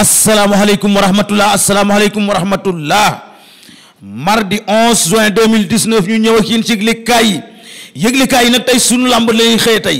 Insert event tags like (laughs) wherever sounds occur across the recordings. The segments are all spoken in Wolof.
asalaamaaleykum wa rahmatullah asalaamaaleykum wa rahmatullah mardi 11 juin 2019 ñu ñëw ak yéen ci yëglekaay yi yëglekaay yi nag tey sunu làmb lay xëy tey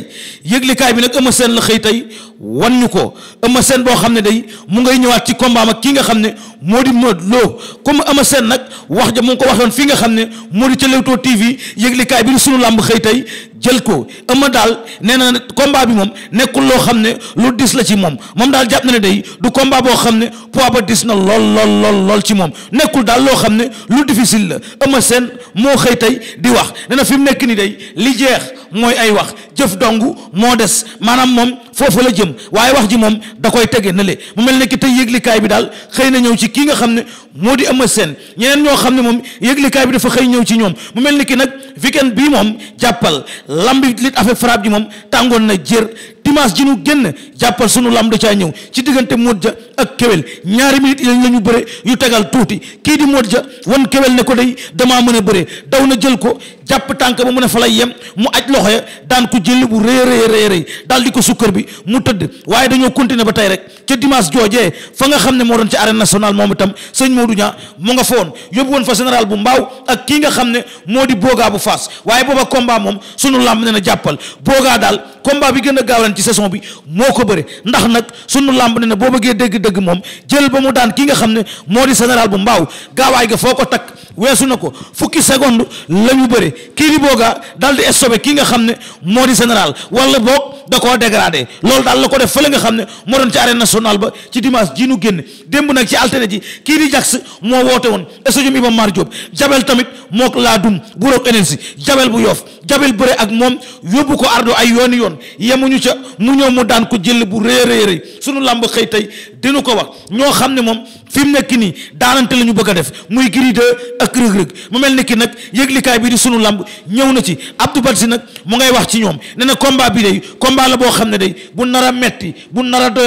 yëglekaay bi nag Eumeu seen la xëy tey wan ñu ko Eumeu Sène boo xam ne day mu ngay ñëwaat ci combat ak ki nga xam ne moo di Modou Lo comme Eumeu Sène nag wax ja mu ngi ko waxoon fii nga xam ne moo di ca Leewtoo TV yëglikaay bi sunu làmb xëy tey jël ko ëmma daal nee na combat bi moom nekkul loo xam ne lu dis la ci moom moom daal jàpp na ne day du combat boo xam ne poids ba dis na lool lool lool ci moom nekkul daal loo xam ne lu difficile la ëmma seen moo xëy tey di wax nee na fi mu nekk ni day li jeex mooy ay wax jëf dong moo des maanaam moom foofu la jëm waaye wax ji moom da koy tege na le mu mel ne ki tey yëglikaay bi daal xëy na ñëw ci kii nga xam ne moo di Eumeu Sène ñeneen ñoo xam ne moom yëglikaay bi dafa xëy ñëw ci ñoom mu mel ni ki nag weekend bii moom jàppal lambi lit affaire frappe ji moom tàngoon na jër dimanche ji ñu génn jàppal sunu lamb da caa ñëw ci diggante moot ja ak Kewel ñaari minutes lañ la ñu bëre yu tegal tuuti kii di moot ja wan Kewel ne ko day damaa mën a bëre daw na jël ko jàpp tànk ba mu ne fa lay yem mu aj loxo ya daan ko jël bu rëy rëy rëy daal di ko sukkër bi mu tëdd waaye dañoo continuer ba tey rek ca dimanche joojee fa nga xam ne moo doon ci arène nationale moom itam sëñ Modou Niang mu nga fa woon yóbbu woon fa général bu mbaaw ak kii nga xam ne moo di boogaa bu fas waaye booba combat moom sunu làmb ne na jàppal boogaa daal combat bi gën a gaaw ren ci saison bi moo ko bëre ndax nag sunu làmb ne na boo bëggee dégg dëgg moom jël ba mu daan kii nga xam ne moo di général bu mbaaw gaawaay ga foo ko takk weesu na ko fukki seconde la ñu bëre kii di booga daal di estopé kii nga xam ne moo di général wala boog da koo dégradé loolu daal la ko def fële nga xam ne moo doon ci arène nationale ba ci dimanche ji nu génn démb nag ci altine ji kii di jax moo woote woon stadium Iba Mar Diop jabel laa dum bu roog énergie jabel bu yoof jabel bëre ak moom yóbbu ko ardo ay yooni yoon yemuñu ca mu ñëw mu daan ko jël bu rëy sunu làmb xëy tey dinu ko wax ñoo xam ne moom fi mu nekk nii daanante la ñu def muy Gris ak Reug Reug mu mel ni nag yëglikaay bi di sunu lamb ñëw na ci Abdou Badji nag mu ngay wax ci ñoom ne na combat bi day combat la boo xam ne day bu nar a metti bu nar a doy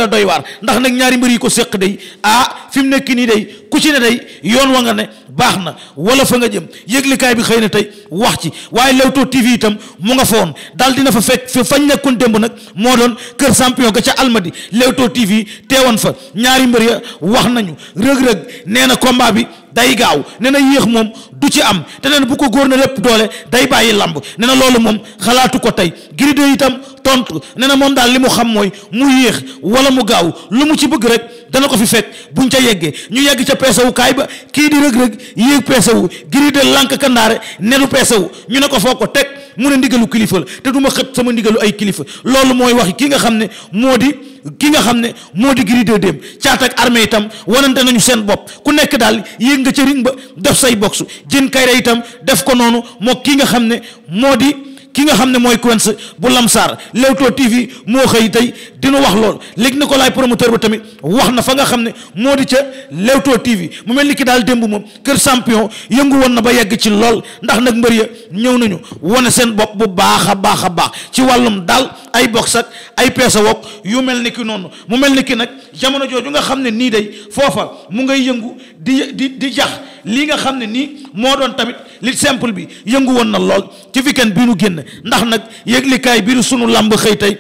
ndax nag ñaari mbër yi ko seq day ah fi mu nekk nii dey ku ci ne day yoon wa nga ne baax na wala fa nga jëm yëglikaay bi xëy na tey wax ci waaye Leewtoo TV itam mu nga foon daal dina fa fekk fa fañ nekkoon démb nag moo doon kër champion ga ca Almadi Leewtoo TV teewoon fa ñaari mbër ya wax nañu rëg-rëg nee na bi day gaaw nee na yéex moom du ci am te nee bu ko góor na lépp doole day bàyyi làmb nee na loolu moom xalaatu ko tey girido itam tontu nee na moom daal li mu xam mooy mu yéex wala mu gaaw lu mu ci bëgg rek dana ko fi fekk bu buñ ca yeggee ñu yegg ca peesewu kaay ba kii di rëg-rëg yéeg peesewu girido lànk kandaare ne du peesewu ñu ne ko foo ko teg mu ne ndigalu kilifa la te du ma xët sama ndigalu ay kilifa loolu mooy wax ki nga xam ne moo di ki nga xam ne moo di giri de démb caat ak armée itam wanante nañu seen bopp ku nekk daal yéeg nga ca ring ba def say box jën kayre itam def ko noonu moo ki nga xam ne moo di ki nga xam ne mooy Quench bu Lamsaar Leewtoo TV moo xëy tey dinu wax loolu léegi ni ko laay promoteur ba tamit wax na fa nga xam ne moo di ca Leewtoo TV mu mel ni ki daal démb moom kër champion yëngu woon na ba yegg ci lool ndax nag mbër ya ñëw nañu wane seen bopp bu baax a baax a baax ci wàllum daal ay box ak ay peesa wok yu mel ni ki noonu mu mel ni ki nag jamono jooju nga xam ne nii day foofa mu ngay yëngu di di di jax lii nga xam ne nii moo doon tamit li simple bi yëngu woon na lool ci weekend bi nu génn ndax nag yëglikaay bi sunu làmb xëy tey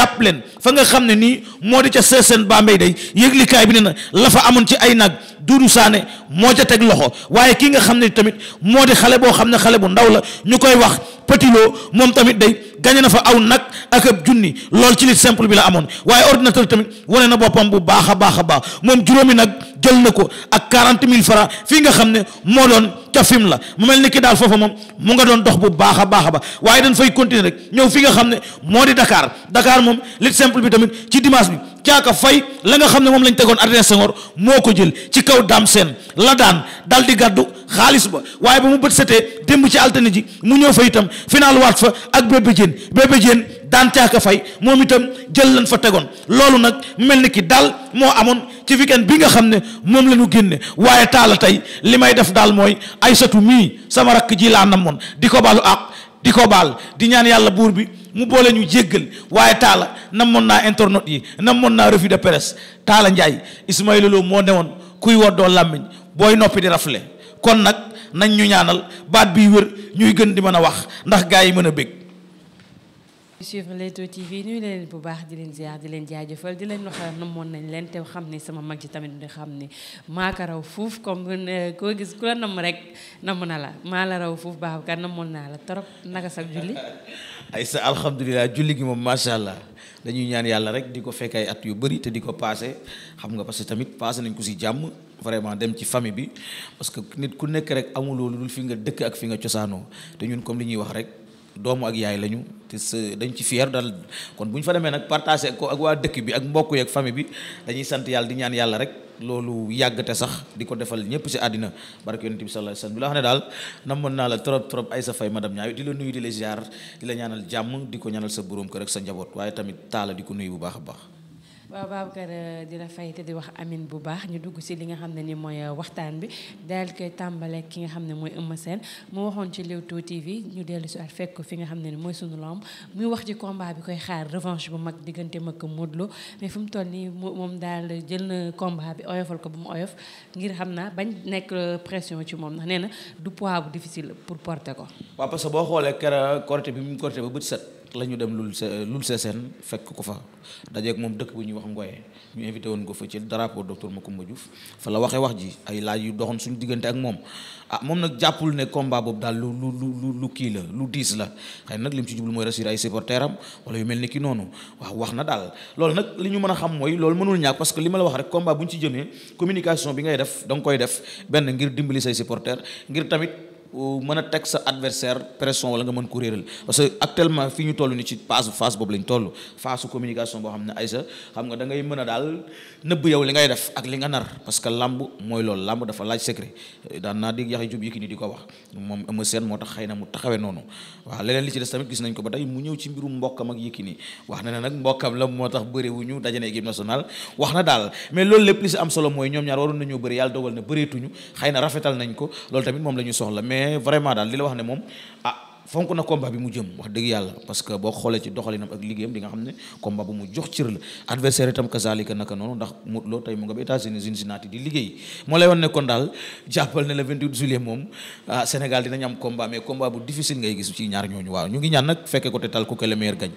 jàpp leen fa nga xam ne nii moo di ca seeseen Bambey day yëglikaay bi ne na lafa amoon ci ay nag Doudou Sané moo ca teg loxo waaye kii nga xam ne tamit moo di xale boo xam ne xale bu ndaw la ñu koy wax Petit Lo moom tamit day gañe na fa aw nag ak ab junni lool ci li simple bi la amoon waaye ordinateur tamit wane na boppam bu baax a baax a baax moom juróomi nag jël na ko ak quarante mille francs fii nga xam ne moo doon ca la mu mel ni ki daal foofa moom mu nga doon dox bu baax a baax a baax dañ fay continuer rek ñëw fi nga xam ne moo di dakaar Dakar moom li simple bi tamit ci dimanche bi caaka fay la nga xam ne moom lañ tegoon Adrien Senghor moo ko jël ci kaw daam seen la daan dal di gàddu xaalis ba waaye ba mu bët setee démb ci altine ji mu ñëw fa itam final waat fa ak bébé jéen bébé jéen daan caaka fay moom itam jël lan fa tegoon loolu nag mel ni ki daal moo amoon ci weekend bi nga xam ne moom la ñu génne waaye taala tey li may def daal mooy ay Aysatu mii sama rakk ji laa namoon di ko baalu àq di ko baal di ñaan yàlla buur bi mu boole ñu jéggal waaye taala namoon naa internet yi namoon naa revue de presse taala Njaay Ismaïla Lo moo newoon kuy woddoo làmmiñ booy noppi di rafle kon nag nañ ñu ñaanal baat biy wër ñuy gën di mën a wax ndax gaa yi mën a bég suivre Leewtoo TV nuyu leen bu baax di leen ziar di leen jaajëfal di leen wax namoon nañ leen te xam ni sama mag ci tamit di xam ni maa ko raw fuuf comme eh, koo gis ku la namm rek namm na la maa la raw fuuf baax kat namoon naa la trop naka sa julli. (laughs) ay sa alhamdulilah julli gi moom macha allah dañuy ñaan yàlla rek di ko fekk at yu bëri te di ko paase xam nga parce tamit paase nañ ko si jàmm. vraiment dem ci famille bi parce que nit ku nekk rek amuloo lu dul fi nga dëkk ak fi nga cosaanoo te ñun comme li ñuy wax rek doomu ak yaay lañu te sa dañ ci fier dal kon bu ñu fa demee nag partagé ko ak waa dëkk bi ak mbokk yi ak bi dañuy sant yàlla di ñaan yàlla rek loolu yàgg sax di ko defal ñëpp si àddina barke yonent bi sallallahu alayhi wasallam la xam ne daal na mën naa la trop trop ay sa fay madame ñaaw di la nuyu di la ziar di la ñaanal jàmm di ko ñaanal sa borom kër rek sa njaboot waaye tamit taala di ko nuyu bu baax a baax waaw Babacar euh, di la fay te di wax amin bu baax ñu dugg si li nga xam ne ni mooy euh, waxtaan bi daal koy tàmbale ki nga xam ne mooy Eumeu Sène mu waxoon ci Leewtoo TV ñu dellu si at fekk fi nga xam ne ni mooy sunu lamb muy wax ci combat bi koy xaar revanche bu mag diggante mag Modou Lo mais fu mu toll nii moom daal jël na combat bi oyofal ko bu mu oyof ngir xam naa bañ nekk euh, pression ci moom ndax nee na du poids bu difficile pour porte ko. waaw parce boo xoolee keroog Korité bi mu Korité ba bët set. la ñu dem lul lul seeseen fekk ko fa dajeeg moom dëkk bu ñuy wax Ngoye ñu invité woon ko fa ci drapeau docteur Macoumba Diouf fa la waxee wax ji ay laaj yu doxoon suñu diggante ak moom ah moom nag jàppul ne komba boobu daal lu lu lu lu kii la lu diis la xëy nag li mu ci jublu mooy rassurer ay supporters am yu mel ni ki noonu waaw wax na daal loolu nag li ñu mën a xam mooy loolu mënul ñàkk parce que li ma la wax rek combat bu ñu ci jëmee communication bi ngay def da nga koy def benn ngir dimbali say supporters ngir tamit mën a teg sa adversaire pression wala nga mën ko réeral parce que actuellement fii ñu toll ni ci phase phase boobu lañ toll phase communication boo xam ne Aïssa xam nga da mën a daal nëbb yow li ci des tamit gis nañ ko ba tey mu ñëw ci mbirum mbokkam ak Yékini wax na ne nag mbokkam la moo tax bëri wuñu dajane équipe nationale wax na daal mais loolu lépp li si am solo mooy ñoom ñaar waroon nañoo bëri yàlla dogal na bëreetuñu xëy na rafetal mais vraiment daal li la wax ne moom ah fonk na combat bi mu jëm wax dëgg yàlla parce que boo xoolee ci doxalinam ak liggéeyam di nga xam ne combat bu mu jox cër la adversaire itam kazalika naka noonu ndax Modou Lo tey mu nga ba États-Unis Cincinnati di liggéey moo lay wan ne daal jàppal ne le 28 juillet moom ah, Sénégal dinañ am combat mais combat bu difficile ngay gis ci ñaar ñooñu waaw ñu ngi ñaan nag fekke ko te tal ku que le meilleur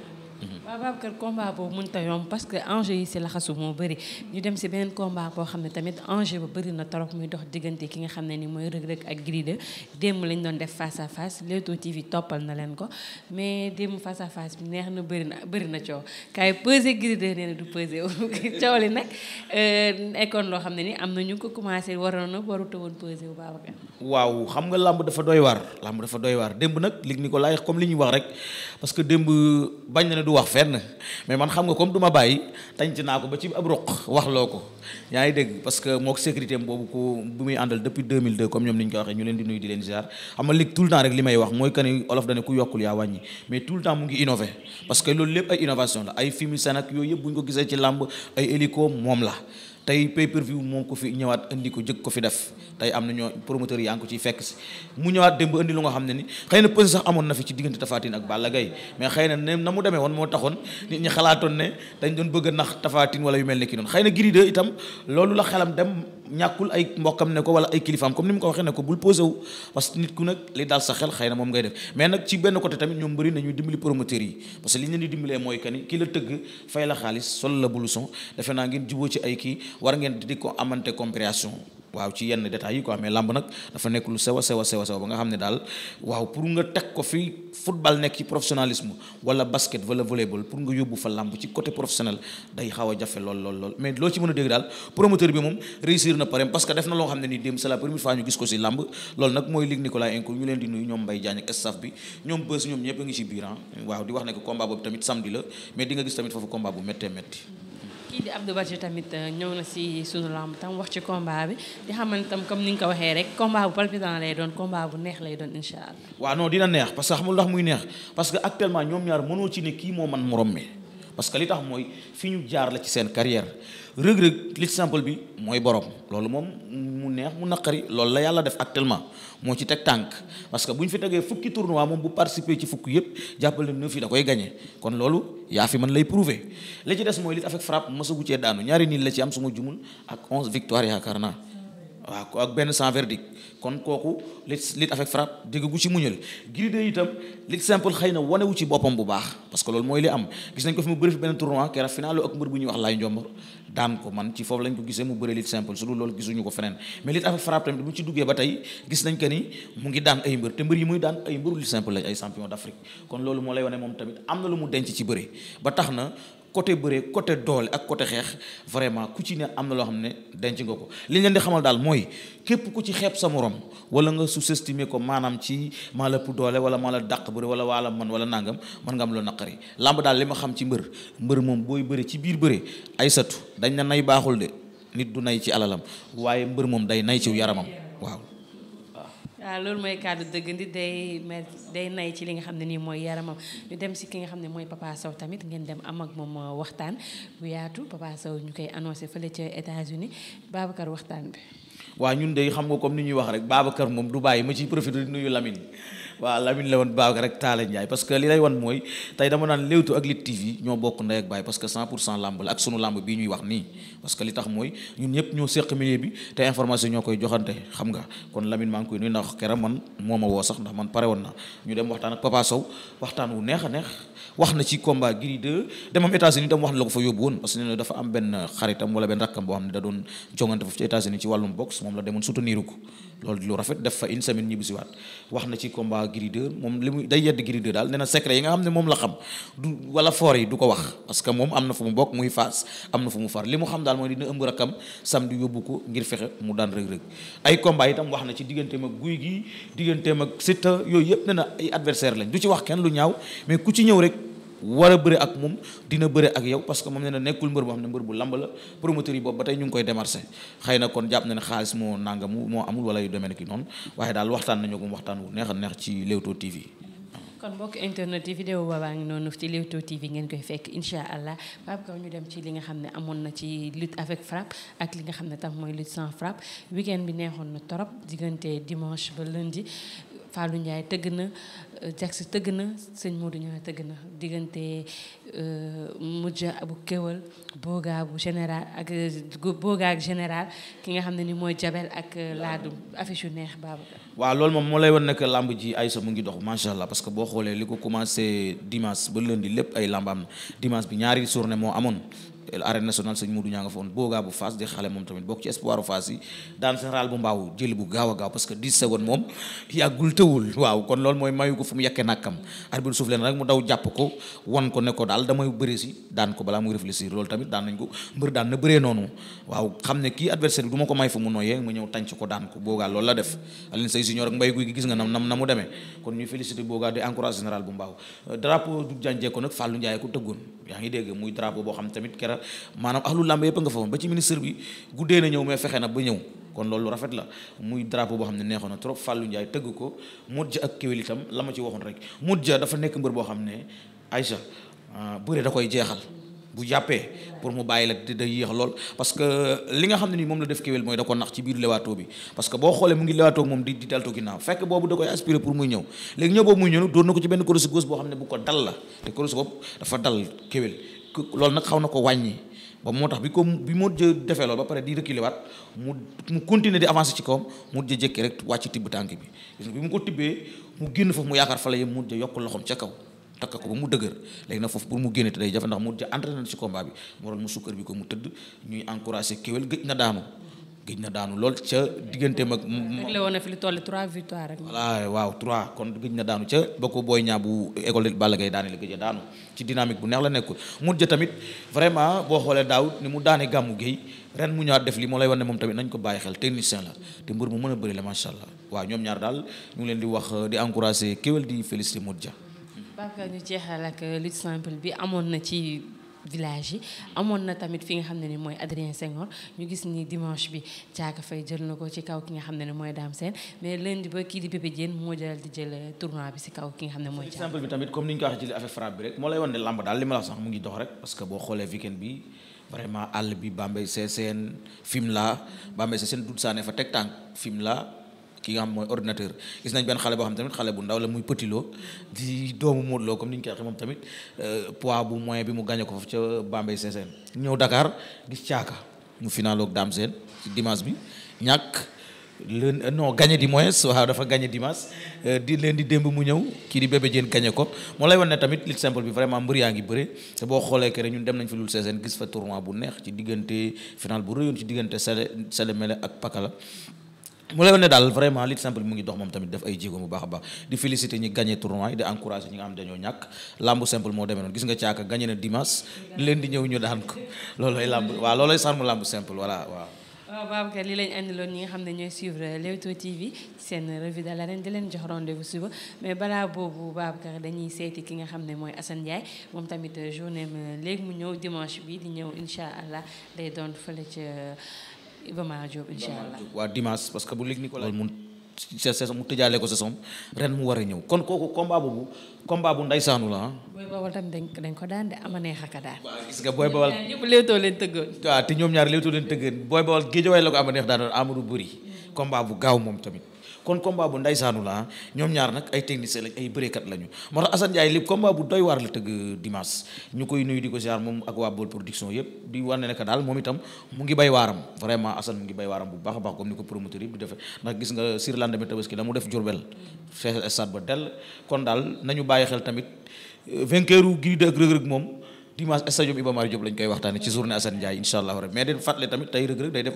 waaw Babacar combat boobu mënut a yomb parce que enjeu yi si laxasu moo bëri ñu dem si beneen combat boo xam ne tamit enjeu ba bëri na trop muy dox diggante ki nga xam ne ni mooy Reug Reug ak Gris 2 démb lañ doon def face à face Leewtoo TV toppal na leen ko mais démb face à face bi neex na bëri na bëri na coow kaay pesé Gris 2 nee na du pesé (laughs) coow li nag euh, nekkoon loo xam ne ni am na ñu ko commencé waroon na waruta woon pesé bu Babacar waaw xam nga làmb dafa doy waar làmb dafa doy waar démb nag lig ni ko laay comme li ñuy wax rek parce que démb bañ na ne du wax fenn mais man xam nga comme du ma bàyyi tànc naa ko ba ci ab roq wax loo ko yaa ñoom ni ñu ko waxee ñu leen di nuyu di leen ziar xam nga lig tout le temps rek li may wax mooy que ni olof dane ku yokkul yaa wàññi mais tout le temps mu ngi innové parce loolu lépp ay innovation la ay fimi sanak yooyu yëpp bu ñu ko gisee ci làmb ay hélico moom la tey pay moom view moo ko fi ñëwaat indi ko jëkk ko fi def tey am na ñoo promoteur yi yaa ngi ko ciy fekk si mu ñëwaat démb indi lu nga xam ne ni xëy na pës sax amoon na fi ci diggante Tapha Tine ak Balla Gaye mais xëy na ne na mu demee woon moo taxoon nit ñi xalaatoon ne dañ doon bëgg nax Tapha Tine yu mel ne ki noonu xëy na Gris itam loolu la xelam dem ñàkkul ay mbokkam ne ko wala ay kilifaam comme ni mu ko waxee ne ko bul posé wu que nit ku nag li daal sa xel xëy na moom ngay def mais nag ci benn côté tamit ñoom bëri nañuy dimbali promoteurs yi parce que li ñu leen di mooy que kii la tëgg fay la xaalis sol la blouson defe naa ngeen juboo ci ay kii war ngeen di ko amante compréhension waaw ci yenn détails yi quoi mais lamb nag dafa nekk lu sew a sew a sew a sew ba nga xam ne daal waaw pour nga teg ko fi football nekk ci professionnalisme wala basket wala volleyball pour nga yóbbu fa lamb ci côté professionnel day xaw a jafe lool lool lool mais loo ci mën a dégg daal promoteur bi moom réussir na parem parce que def na loo xam ne ni démb c'est la première fois ñu gis ko si lamb loolu nag mooy Luc Nicolaï Inco ñu leen di nuyu ñoom a ngi ci biir ah waaw tamit samedi la mais nga gis tamit foofu combat bu kii di Abdou Badji tamit euh, ñëw na si sunu lamb tam wax ci combat bi di xaman ni tam comme ni nga ko waxee rek combat bu palpitant lay doon combat bu neex lay doon incha allah. waaw non dina neex parce que xamul ndax muy neex parce que actuellement ñoom ñaar mënoo ci ne kii moo man morom mi parce que li tax mooy fi ñu jaar la ci seen carrière. rëg-rëg l'exemple bi mooy borom loolu moom mu neex mu naqari loolu la yàlla def actuellement moo ci teg tànk parce que bu ñu fi tegee fukki tournoi moom bu participer ci fukki yëpp jàppale neuf yi da koy gagné kon loolu yaa fi mën lay prouver li ci des mooy lit avec frappe mësagu cee daanu ñaari nii la ci am suma jumul ak onze victoire yaakaar naa waaw ak benn sans verdict kon kooku lutte lutte avec frappe dégg gu ci muñal Gris 2 itam lutte simple xëy na wanewu ci boppam bu baax parce que loolu mooy li am gis nañ ko fi mu bëri fi wax laay njombor daan ko man ci mu bëri lutte simple su dul loolu gisuñu ko feneen mais lutte avec frappe tamit bu ñu ci duggee ba tey gis nañ que ni mu ngi daan ay mbër te mbër yi muy daan ay mbëru lutte simple lañ ay champion d'Afrique kon loolu moo lay wane moom tamit am na lu mu denc ci bëri ba tax na côté bëree côté doole ak côté xeex vraiment ku ci ne am na loo xam ne denc nga ko li leen di xamal daal mooy képp ku ci xeep sa moroom wala nga su estimer ko maanaam ci maa la ëpp doole wala maa la dàq bëri wala waala man wala nàngam mën nga am loo naqari lamb daal li ma xam ci mbër mbër moom booy bëri ci biir bëri ay satu dañ na nay baaxul de nit du nay ci alalam waaye mbër moom day nay ci yaramam waaw waaw ah, loolu mooy kàddu dëgg ndi day mais day nay ci li nga xam ne nii mooy yaramam ñu dem si ki nga xam ne mooy Papa Sow tamit ngeen dem am ak moom ah, waxtaan bu yaatu Papa ñu koy annoncé fële ca États-Unis Babacar waxtaan bi. waaw ñun day xam nga comme ni ñuy wax rek Babacar moom du bàyyi ma ciy profité di nuyu Lamine. waaw Lamine la woon baaw rek Talla Ndiaye parce que li lay wan mooy tey dama naan Leewtoo ak Lutte TV ñoo bokk ndey ak baay parce que 100 la ak sunu lamb bii ñuy wax nii parce que li tax mooy na a neex wax na ci combat Gris la ko fa yóbbu woon parce que ne dafa am benn xaritam wala benn rakkam boo xam ne da doon jongante foofu ci États-Unis ci wàllum boxe moom la demoon soutenir ko loolu def fa une semaine ñibbisiwaat wax na ci combat Gris 2 moom li muy day yedd Gris daal nee na secret yi nga xam ne moom la xam du wala foor yi du ko wax parce moom am na fu mu bokk muy faas am na fu mu far li mu xam daal mooy dina ëmb rakam samedi yóbbu ko ngir fexe mu daan rëg-rëg ay combat itam wax na ci digganteem ak guy gi digganteem ak Siteu yooyu yëpp nee na ay adversaire lañ du ci wax kenn lu ñaaw mais ku ci ñëw rek war a bëre ak moom dina bëre ak yow parce que moom nee na nekkul mbër boo xam ne mbër bu lamb la promoteur yi boobu ba tey ñu ngi koy démarché xëy na kon jàpp na ne xaalis moo nangamu moo amul wala yu demee ne ki noonu waaye daal waxtaan nañu ko waxtaan wu neex a neex ci Leewtoo TV. kon mbokk internet yi vidéo boobaa ngi noonu ci Leewtoo TV ngeen koy fekk incha allah Pape Kaw ñu dem ci li nga xam ne amoon na ci lutte avec frappe ak li nga xam ne tam mooy lutte sans frappe weekend bi neexoon na torop diggante dimanche ba lundi. Fallou Ndiaye tëgg na euh, Jax tëgg na sëñ Modou Niang tëgg na diggante euh, mujja bu kéwal boogaa bu général ak euh, boogaa ak général ki nga xam ne ni mooy jabel ak laadum affiche yu neex Babacar waaw loolu moom moo lay woon nekk làmb ji ay sa mu ngi dox macha allah parce que boo xoolee li ko commencé dimanche ba lundi lépp ay làmb am na dimanche bi ñaari journée moo amoon arène nationale sëñ Modou ñaa nga fa woon boogaa bu Fass di xale moom tamit bokk ci espoir bu mbaaw jëli bu a moom yàggul tëwul waaw kon loolu mooy mayu ko fu mu yekkee nàkkam arbitre suuf leen rek mu daw tamit daan nañ ko bu mbaaw euh, drapeau du jànjee ko nag Fallou Ndiaye ko tëggoon yaa ngi dégg muy drapeau boo xam tamit dara maanaam ahlu làmb yëpp nga fa woon ba ci ministre bi guddee na ñëw mais fexe na ba ñëw kon loolu rafet la muy drapeau boo xam ne neexoon trop Fallou Ndiaye tëgg ko Modja ak Kéwél itam la ma ci waxoon rek Modja dafa nekk mbër boo xam ne Aïcha ah, bëre da ko nax ci biir lewaatoo bi parce boo xoolee mu ngi lewaatoo moom di di ginnaaw fekk boobu da koy aspiré pour muy ñëw léegi ñëw boobu muy ñëw doon na ko ci benn korosi góos boo xam ne bu ko dal la te korosi loolu nag xaw na ko wàññi ba moo tax bi ko bi moo jë defee loolu ba pare di reculer waat mu mu continuer di avancer ci kaw mu jëkk jékki rek wàcc tibb tànk bi bi mu ko tibbee mu génn foofu mu yaakaar fa la yem mu jë yokk loxoom ca kaw takk ko ba mu dëgër léegi na foofu pour mu génne te day jafe ndax mu jë entraîné na ci combat bi waroon mu sukkër bi ko mu tëdd ñuy encouragé kéwél gëj na daama gëj na daanu lool ca digganteem ak. réglé woon na fi lu waaw trois kon gëj na daanu ca ba ko Boy Niang bu école Balla Gaye daane la gëj a daanu ci dynamique bu neex la nekkul mun ja tamit vraiment boo xoolee daaw ni mu daane gàmmu géey ren mu ñaar def li moo lay wan moom tamit nañ ko bàyyi xel technicien la te mbër mu mën a bëri la macha allah ñoom ñaar daal ñu leen di wax di encourager kéwél di féliciter Modou Dia. baax ñu jeexal ak lutte village yi amoon na tamit fi nga xam ne ni mooy Adrien Senghor ñu gis ni dimanche bi Thiaka Faye jël na ko ci kaw ki nga xam ne ni mooy Dame Sène mais lundi ba kii di Bébé Diène moo jëlal di jël tournoi bi si kaw ki nga xam ne mooy Thiaka exemple bi tamit comme ni ñu ko waxee ci li affaire frappe bi rek moo lay won ne daal li ma la wax sax mu ngi dox rek parce que boo xoolee weekend bi vraiment àll bi Bambey Sessène Fimela Bambey Sessène dut saane fa teg tànk Fimela ki nga xam mooy ordinateur gis nañ benn xale boo xam tamit xale bu ndaw la muy Petit di doomu Modou Lo comme ni ñu koy waxee moom tamit euh, poids bu moyen bi mu gagné ko foofu ca Bambey Sessène ñëw Dakar gis caaka mu finaloog Dame Sène ci dimanche bi ñàkk leen euh, non gagné di moins waaw dafa gagné dimanche euh, di leen di démb mu ñëw kii di bébé jéen gagné ko moo lay wan ne tamit lit simple bi vraiment mbër yaa ngi bëre te boo xoolee que ñu dem nañ fi lul seeseen gis fa tournoi bu neex ci diggante final bu rëyoon ci diggante Sele Sele Mele ak Pakala mu lay wone daal vraiment lutte simple mu ngi dox moom tamit def ay jéego bu baax a baax di féliciter ñi gagné tournoi yi di encourager ñi nga xam dañoo ñàkk lamb simple moo nga xam ne ñooy suivre Leewtoo TV seen revue de l'arène di leen jox rendez-vous suba mais balaa boobu Babacar dañuy seeti ki nga xam ne mooy Assane Ndiaye moom tamit journée euh, léegi mu ñëw dimanche bi di ñëw incha allah day doon fële ca Iba Mar Diop incha allah waa dimanche parce que bu lig Nicolas mun saison mu tëjaale ko saison ren mu war a ñëw kon kooku combat boobu combat bu ndaysaanu la ah. booy bawal tam dañ dañ ko daan de ama neex ak daan. booy bawal ñëpp léewtoo leen tëggoon. waaw te ñoom ñaar léewtoo leen tëggoon booy bawal géejawaay la ko ama neex daan doon Amadou Buri mm. combat bu gaaw moom tamit. kon combat bu ndaysaanu la ñoom ñaar nag ay technicien lañ ay bëreekat lañu moo tax Assane Ndiaye lépp combat bu doy waar la tëgg dimanche ñu koy nuyu di ko ziar moom ak waa Baol production yëpp di wane ne daal moom itam mu ngi bay waaram vraiment Assane mu ngi bay waaram bu baax a baax comme ni ko promoteur yëpp di defee ndax gis nga sur lendemain tabaski la mu def Jurbel fees stade ba dell kon daal nañu bàyyi xel tamit euh, vainqueur u Gris ak Reug Reug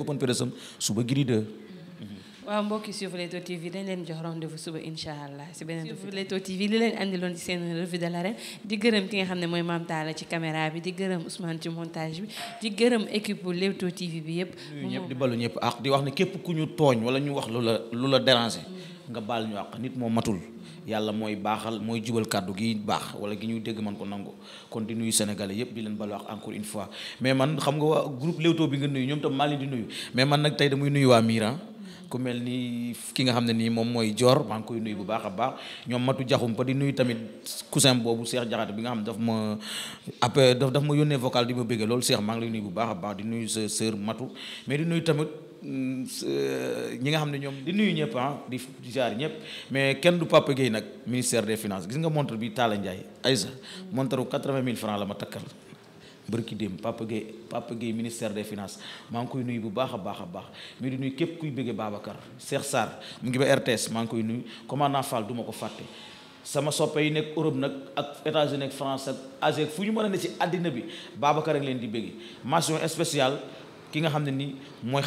tamit tey waaw mbokki suivre Leewtoo TV dañ leen jox rendez-vous suba incha allah si beneen suivre Leewtoo TV li leen loon ci seen revue de l'arène di gërëm ki nga xam ne mooy Mame Talla ci caméra bi di gërëm Ousmane ci montage bi di gërëm équipe bu Leewtoo TV bi yëpp. ñëpp di balu ñëpp ak di wax ne képp ku ñu tooñ wala ñu wax lu la lu la déranger nga baal ñu àq nit moo matul. yàlla mooy baaxal mooy jubal kàddu gi baax wala gi ñuy dégg man ko nangu kon di nuyu sénégalais yépp di leen balu wax encore une fois mais man xam nga waa groupe bi nga nuyu ñoom tam maa di nuyu mais man nag tey damay nuyu waa Mira ku mel ni ki nga xam ne nii moom mooy joor maa koy nuyu bu baax a baax ñoom matu jaxum pa di nuyu tamit cousin boobu Cheikh Diakhaté bi nga xam ne daf ma après daf daf ma yónnee vocal di ma bëggee loolu seex maa ngi lay nuyu bu baax a baax di nuyu sa sœur matu mais di nuyu tamit euh, ñi nga xam ne ñoom di nuyu ñëpp ah di jaar ñëpp mais kenn du Papa Guèye nag ministère de finances gis nga montre bi Talla Ndiaye Aïssa montre bu quatre-vingt mille francs la ma takkal bërki démb Papa Gueye Papa Gueye ministère des finances maa ngi koy nuyu bu baax a baax a baax mais di nuyu képp kuy bëggee Babacar Cheikh Sarr mu ngi ba RTS maa ngi koy nuyu commandant Fall duma ko fàtte sama soppe yi nekk Europe nag ak États-Unis ak France ak Asie fu ñu mën a ne ci àddina bi Babacar ak leen di bëggee mention spéciale ki nga xam ne nii mooy